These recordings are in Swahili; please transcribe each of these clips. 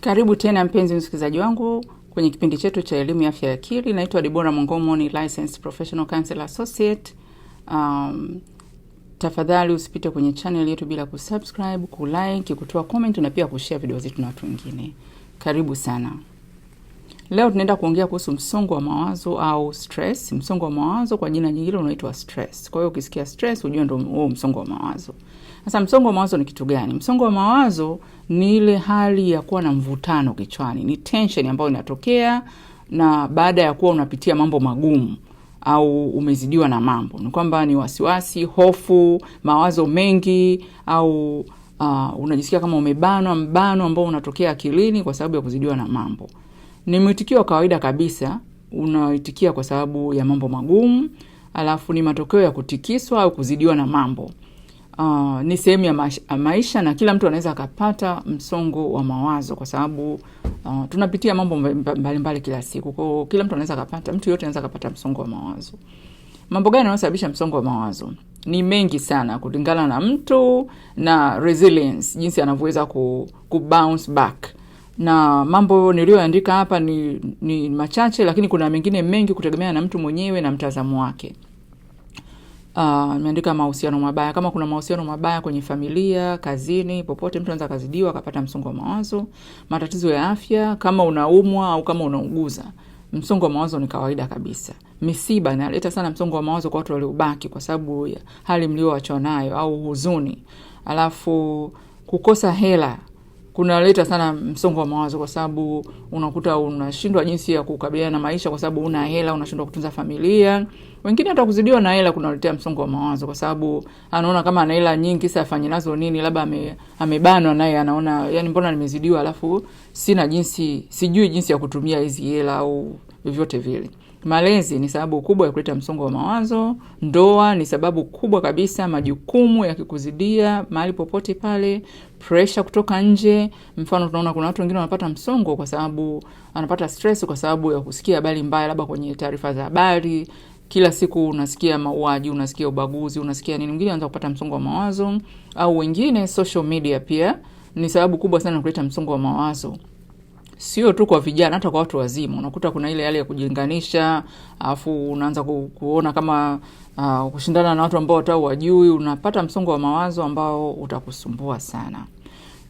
Karibu tena mpenzi msikilizaji wangu kwenye kipindi chetu cha elimu ya afya ya akili. Naitwa Debora Mongomo, ni licensed professional counselor associate. Um, tafadhali usipite kwenye channel yetu bila kusubscribe, kulike, kutoa comment na pia kushare video zetu na watu wengine. Karibu sana. Leo tunaenda kuongea kuhusu msongo wa mawazo au stress. Msongo wa mawazo kwa jina jingine unaitwa stress. Kwa hiyo ukisikia stress unajua ndio huo oh, msongo wa mawazo. Sasa msongo wa mawazo ni kitu gani? Msongo wa mawazo ni ile hali ya kuwa na mvutano kichwani, ni tension ambayo inatokea na baada ya kuwa unapitia mambo magumu au umezidiwa na mambo, ni kwamba ni wasiwasi, hofu, mawazo mengi au uh, unajisikia kama umebanwa, mbano ambao unatokea akilini kwa sababu ya kuzidiwa na mambo. Ni mwitikio wa kawaida kabisa, unaoitikia kwa sababu ya mambo magumu, alafu ni matokeo ya kutikiswa au kuzidiwa na mambo. Uh, ni sehemu ya maisha na kila mtu anaweza akapata msongo wa mawazo kwa sababu uh, tunapitia mambo mbalimbali mbali kila siku. Kwa kila mtu anaweza akapata, mtu yote anaweza akapata msongo wa mawazo. Mambo gani yanayosababisha msongo wa mawazo? Ni mengi sana kulingana na mtu na resilience, jinsi anavyoweza ku, ku bounce back na mambo niliyoandika hapa ni, ni machache, lakini kuna mengine mengi kutegemea na mtu mwenyewe na mtazamo wake. Ah, nimeandika uh, mahusiano mabaya. Kama kuna mahusiano mabaya kwenye familia, kazini, popote, mtu anaweza kazidiwa akapata msongo wa mawazo. Matatizo ya afya, kama unaumwa au kama unauguza, msongo wa mawazo ni kawaida kabisa. Misiba inaleta sana msongo wa mawazo kwa watu waliobaki, kwa sababu hali mliowachwa nayo au huzuni, alafu kukosa hela kunaleta sana msongo wa mawazo, kwa sababu unakuta unashindwa jinsi ya kukabiliana na maisha, kwa sababu una hela, unashindwa kutunza familia. Wengine hata kuzidiwa na hela kunaletea msongo wa mawazo, kwa sababu anaona kama ana hela nyingi, kisa afanye nazo nini? Labda ame, amebanwa naye, anaona yani, mbona nimezidiwa, alafu sina jinsi, sijui jinsi ya kutumia hizi hela au vyovyote vile. Malezi ni sababu kubwa ya kuleta msongo wa mawazo. Ndoa ni sababu kubwa kabisa, majukumu yakikuzidia mahali popote pale, presha kutoka nje. Mfano, tunaona kuna watu wengine wanapata msongo kwa sababu anapata stress kwa sababu ya kusikia habari mbaya, labda kwenye taarifa za habari kila siku unasikia mauaji, unasikia ubaguzi, unasikia nini. Mwingine anaweza kupata msongo wa mawazo, au wengine social media pia ni sababu kubwa sana kuleta msongo wa mawazo sio tu kwa vijana, hata kwa watu wazima unakuta kuna ile hali ya kujilinganisha, alafu unaanza ku, kuona kama uh, kushindana na watu ambao hata wajui, unapata msongo wa mawazo ambao utakusumbua sana.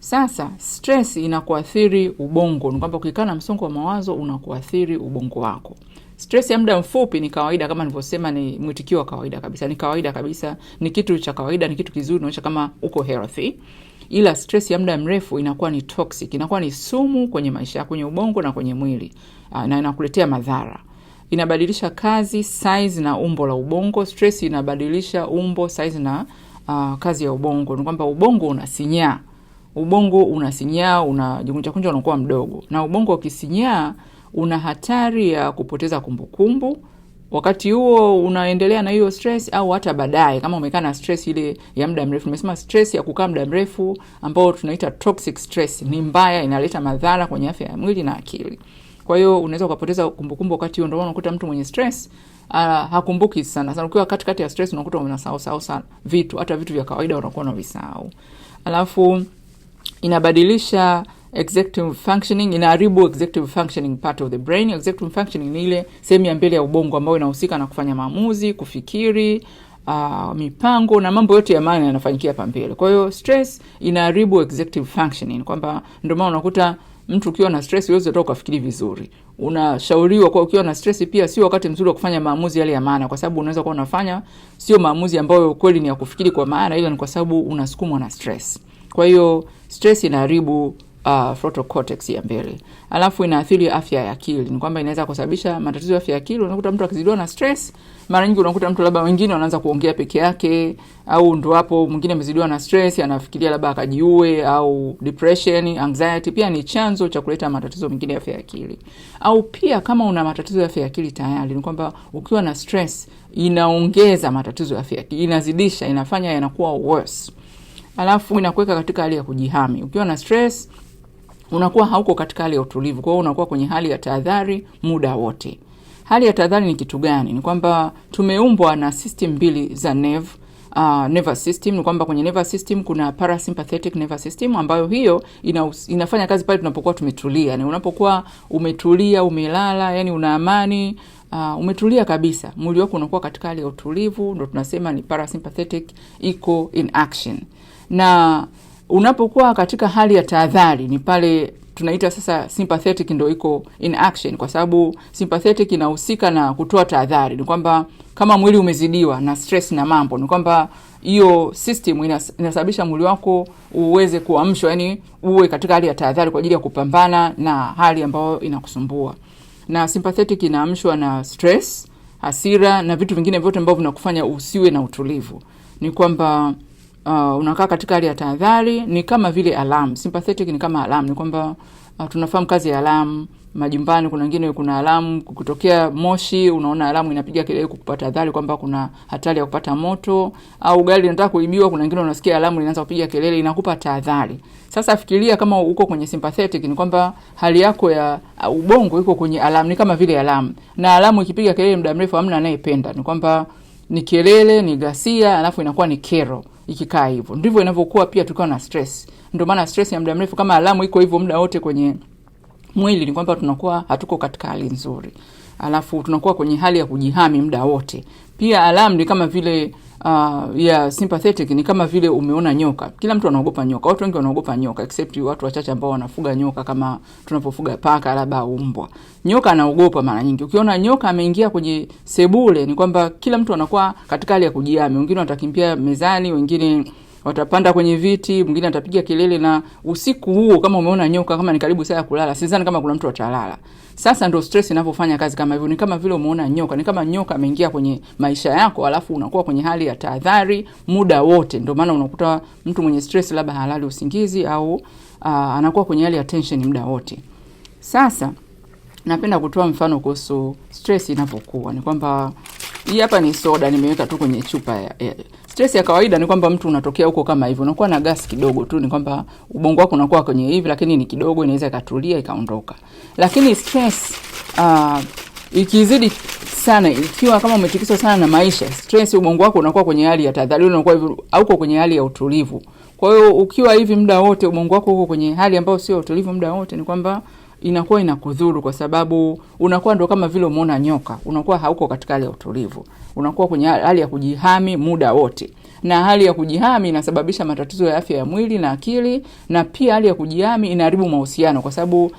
Sasa stress inakuathiri ubongo, ni kwamba ukikaa na msongo wa mawazo unakuathiri ubongo wako. Stress ya muda mfupi ni kawaida, kama nilivyosema, ni mwitikio wa kawaida kabisa, ni kawaida kabisa, ni kitu cha kawaida, ni kitu kizuri, naonyesha kama uko healthy ila stress ya muda mrefu inakuwa ni toxic, inakuwa ni sumu kwenye maisha yako, kwenye ubongo na kwenye mwili ah, na inakuletea madhara. Inabadilisha kazi, size na umbo la ubongo. Stress inabadilisha umbo, size na uh, kazi ya ubongo. Ni kwamba ubongo unasinyaa, ubongo unasinyaa, unajikunja kunja, unakuwa mdogo, na ubongo ukisinyaa una hatari ya kupoteza kumbukumbu kumbu, wakati huo unaendelea na hiyo stress au hata baadaye, kama umekaa na stress ile ya muda mrefu. umesema stress ya kukaa muda mrefu ambao tunaita toxic stress ni mbaya, inaleta madhara kwenye afya ya mwili na akili. Kwa hiyo unaweza ukapoteza kumbukumbu wakati huo. Ndio unakuta mtu mwenye stress uh, hakumbuki sana sana. Ukiwa katikati ya stress unakuta unasahau sahau sana vitu, hata vitu vya kawaida unakuwa unavisahau, alafu inabadilisha executive functioning inaharibu executive functioning part of the brain. Executive functioning ni ile sehemu ya mbele ya ubongo ambayo inahusika na kufanya maamuzi, kufikiri, uh, mipango na mambo yote ya maana yanafanyikia hapa mbele. Kwa hiyo stress inaharibu executive functioning, kwamba ndio maana unakuta mtu ukiwa na stress uweze toka ukafikiri vizuri. Unashauriwa kwa ukiwa na stress pia sio wakati mzuri wa kufanya maamuzi yale ya maana, kwa sababu unaweza kuwa unafanya sio maamuzi ambayo kweli ni ya kufikiri kwa maana, ila ni kwa sababu unasukumwa na stress. Kwa hiyo stress inaharibu uh, ah, frontal cortex ya mbele. Alafu inaathiri afya ya akili. Ni kwamba inaweza kusababisha matatizo ya afya ya akili. Unakuta mtu akizidiwa na stress, mara nyingi unakuta mtu labda wengine wanaanza kuongea peke yake au ndo hapo mwingine amezidiwa na stress anafikiria labda akajiue au depression, anxiety pia ni chanzo cha kuleta matatizo mengine ya afya ya akili. Au pia kama una matatizo ya afya ya akili tayari, ni kwamba ukiwa na stress inaongeza matatizo ya afya ya akili, inazidisha, inafanya yanakuwa worse. Alafu inakuweka katika hali ya kujihami. Ukiwa na stress unakuwa hauko katika hali ya utulivu. Kwa hiyo unakuwa kwenye hali ya tahadhari muda wote. Hali ya tahadhari ni kitu gani? Ni kwamba tumeumbwa na system mbili za nev Uh, nervous system ni kwamba kwenye nervous system kuna parasympathetic nervous system ambayo hiyo ina, inafanya kazi pale tunapokuwa tumetulia. ni unapokuwa umetulia, umelala, yani una amani, uh, umetulia kabisa. Mwili wako unakuwa katika hali ya utulivu, ndo tunasema ni parasympathetic iko in action. Na Unapokuwa katika hali ya tahadhari, ni pale tunaita sasa sympathetic ndo iko in action, kwa sababu sympathetic inahusika na kutoa tahadhari. Ni kwamba kama mwili umezidiwa na stress na mambo, ni kwamba hiyo system inasababisha mwili wako uweze kuamshwa, yani uwe katika hali ya tahadhari kwa ajili ya kupambana na hali ambayo inakusumbua. Na sympathetic inaamshwa na stress, hasira na vitu vingine vyote ambavyo vinakufanya usiwe na utulivu. Ni kwamba uh, unakaa katika hali ya tahadhari. Ni kama vile alam Sympathetic ni kama alam ni kwamba uh, tunafahamu kazi ya alam majumbani kuna wengine, kuna alamu kutokea moshi, unaona alamu inapiga kelele kukupa tahadhari kwamba kuna hatari ya kupata moto, au gari linataka kuibiwa. Kuna wengine unasikia alamu linaanza kupiga kelele, inakupa tahadhari. Sasa fikiria kama uko kwenye sympathetic, ni kwamba hali yako ya uh, ubongo iko kwenye alamu, ni kama vile alamu, na alamu ikipiga kelele muda mrefu, hamna anayependa. Ni kwamba ni kelele, ni ghasia, alafu inakuwa ni kero ikikaa hivyo. Ndivyo inavyokuwa pia tukiwa na stress. Ndio maana stress ya muda mrefu, kama alamu iko hivyo muda wote kwenye mwili ni kwamba tunakuwa hatuko katika hali nzuri, alafu tunakuwa kwenye hali ya kujihami muda wote. Pia alam ni kama vile uh, ya sympathetic ni kama vile umeona nyoka. Kila mtu anaogopa nyoka, watu wengi wanaogopa nyoka, except watu wachache ambao wanafuga nyoka kama tunapofuga paka labda umbwa. Nyoka anaogopa mara nyingi. Ukiona nyoka ameingia kwenye sebule, ni kwamba kila mtu anakuwa katika hali ya kujihami, wengine watakimbia mezani, wengine watapanda kwenye viti, mwingine atapiga kelele, na usiku huo kama umeona nyoka, kama ni karibu saa ya kulala, sizani kama kuna mtu atalala. Sasa ndo stress inavyofanya kazi kama hivyo, ni kama vile umeona nyoka, ni kama nyoka ameingia kwenye maisha yako, alafu unakuwa kwenye hali ya tahadhari muda wote. Ndio maana unakuta mtu mwenye stress labda halali usingizi au uh, anakuwa kwenye hali ya tension muda wote. Sasa napenda kutoa mfano kuhusu stress inavyokuwa, ni kwamba hii hapa ni soda nimeweka tu kwenye chupa ya, ya, Stress ya kawaida ni kwamba mtu unatokea huko kama hivyo, unakuwa na gas kidogo tu, ni kwamba ubongo wako unakuwa kwenye hivi, lakini ni kidogo, inaweza ikatulia ikaondoka. Lakini stress uh, ikizidi sana, ikiwa kama umetikiswa sana na maisha, stress, ubongo wako unakuwa kwenye hali ya tahadhari, unakuwa hivyo, auko kwenye hali ya utulivu. Kwa hiyo ukiwa hivi muda wote, ubongo wako uko kwenye hali ambayo sio utulivu muda wote, ni kwamba inakuwa inakudhuru kwa sababu unakuwa ndo kama vile umeona nyoka, unakuwa hauko katika hali ya utulivu, unakuwa kwenye hali ya kujihami muda wote, na hali ya kujihami inasababisha matatizo ya afya ya mwili na akili, na pia hali ya kujihami inaharibu mahusiano, kwa sababu uh,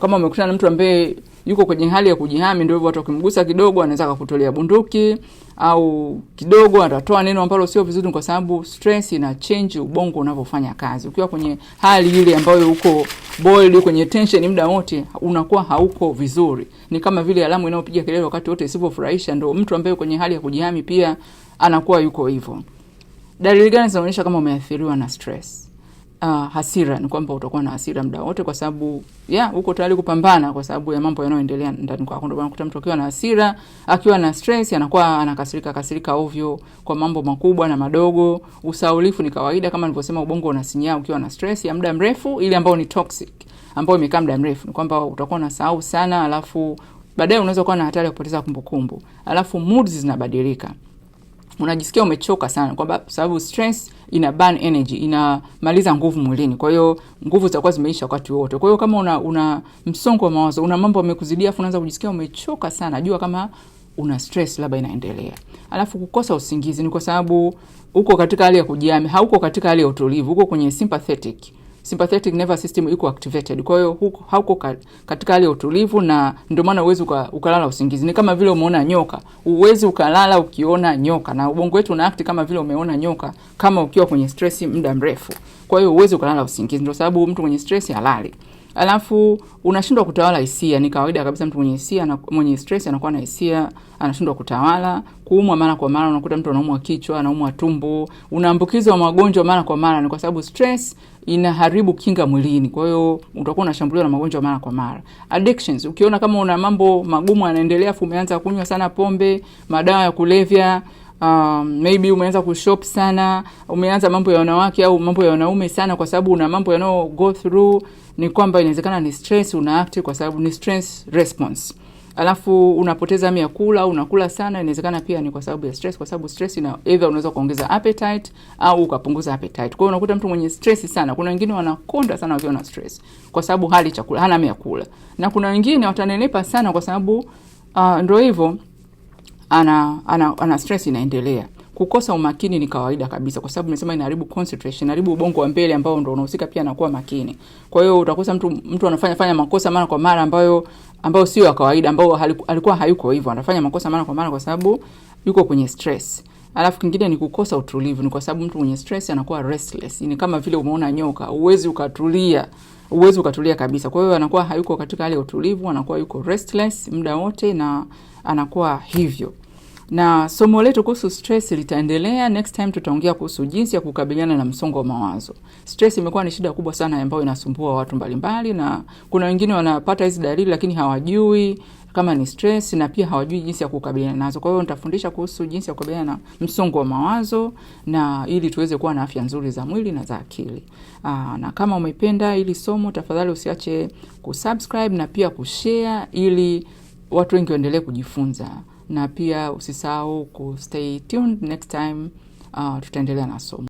kama umekutana na mtu ambaye yuko kwenye hali ya kujihami, ndio hivyo, watu wakimgusa kidogo anaweza akakutolea bunduki au kidogo atatoa neno ambalo sio vizuri, kwa sababu stress ina change ubongo unavyofanya kazi. Ukiwa kwenye hali ile ambayo uko boiled, kwenye tension muda wote, unakuwa hauko vizuri. Ni kama vile alamu inayopiga kelele wakati wote isipofurahisha. Ndio mtu ambaye kwenye hali ya kujihami pia anakuwa yuko hivyo. Dalili gani zinaonyesha kama umeathiriwa na stress? uh, hasira ni kwamba utakuwa na hasira muda wote, kwa sababu yeah, uko tayari kupambana kwa sababu ya mambo yanayoendelea ndani kwako. Ndio maana mtu akiwa na hasira, akiwa na stress, anakuwa anakasirika kasirika ovyo kwa mambo makubwa na madogo. Usaulifu ni kawaida, kama nilivyosema, ubongo unasinyaa ukiwa na stress ya muda mrefu, ile ambayo ni toxic, ambayo imekaa muda mrefu, ni kwamba utakuwa unasahau sana, alafu baadaye unaweza kuwa na hatari ya kupoteza kumbukumbu, alafu moods zinabadilika unajisikia umechoka sana, kwamba sababu stress ina burn energy, inamaliza nguvu mwilini. Kwa hiyo nguvu zitakuwa zimeisha wakati wote. Kwa hiyo kama una, una msongo wa mawazo, una mambo amekuzidia afu unaanza kujisikia umechoka sana, jua kama una stress labda inaendelea. Alafu kukosa usingizi ni kwa sababu uko katika hali ya kujiami hauko katika hali ya utulivu, uko kwenye sympathetic sympathetic nervous system iko activated. Kwa hiyo hauko katika hali ya utulivu, na ndio maana uwezi ukalala usingizi. Ni kama vile umeona nyoka, uwezi ukalala ukiona nyoka, na ubongo wetu una act kama vile umeona nyoka, kama ukiwa kwenye stress muda mrefu. Kwa hiyo uwezi ukalala usingizi, ndio sababu mtu mwenye stress halali alafu unashindwa kutawala hisia. Ni kawaida kabisa, mtu mwenye hisia, mwenye stress anakuwa na hisia, anashindwa kutawala. Kuumwa mara kwa mara, unakuta mtu anaumwa kichwa, anaumwa tumbo, unaambukizwa magonjwa mara kwa mara. Ni kwa sababu stress inaharibu kinga mwilini, kwa hiyo utakuwa unashambuliwa na magonjwa mara kwa mara. Addictions, ukiona kama una mambo magumu yanaendelea, afu umeanza kunywa sana pombe, madawa ya kulevya Um, maybe umeanza kushop sana, umeanza mambo ya wanawake au mambo ya wanaume sana, kwa sababu una mambo yanao go through ni kwamba inawezekana ni stress unaakti kwa sababu ni stress response alafu unapoteza hamu ya kula au unakula sana, inawezekana pia ni kwa sababu ya stress, kwa sababu stress ina either unaweza kuongeza appetite au ukapunguza appetite. Kwa hiyo unakuta mtu mwenye stress sana, kuna wengine wanakonda sana wakiwa na stress kwa sababu hali chakula, hana hamu ya kula, na kuna wengine watanenepa sana kwa sababu uh, ndio hivyo ana, ana, ana stress inaendelea kukosa umakini ni kawaida kabisa, kwa sababu nimesema inaharibu concentration, inaharibu ubongo wa mbele ambao ndio unahusika pia na kuwa makini. Kwa hiyo utakosa mtu, mtu anafanya fanya makosa mara kwa mara ambayo ambayo sio ya kawaida, ambao alikuwa hayuko hivyo, anafanya makosa mara kwa mara kwa sababu yuko kwenye stress. Alafu kingine ni kukosa utulivu, ni kwa sababu mtu mwenye stress anakuwa restless. Ni kama vile umeona nyoka, uwezi ukatulia, uwezi ukatulia kabisa. Kwa hiyo anakuwa hayuko katika hali ya utulivu, anakuwa yuko restless muda wote na anakuwa hivyo na somo letu kuhusu stress litaendelea. Next time tutaongea kuhusu jinsi ya kukabiliana na msongo wa mawazo. Stress imekuwa ni shida kubwa sana ambayo inasumbua watu mbalimbali, na kuna wengine wanapata hizi dalili lakini hawajui kama ni stress na pia hawajui jinsi ya kukabiliana nazo. Kwa hiyo nitafundisha kuhusu jinsi ya kukabiliana na msongo wa mawazo na ili tuweze kuwa na afya nzuri za mwili na za akili. Aa, ah, na kama umependa ili somo tafadhali usiache kusubscribe na pia kushare ili watu wengi waendelee kujifunza na pia usisahau kustay tuned next time. Uh, tutaendelea na somo.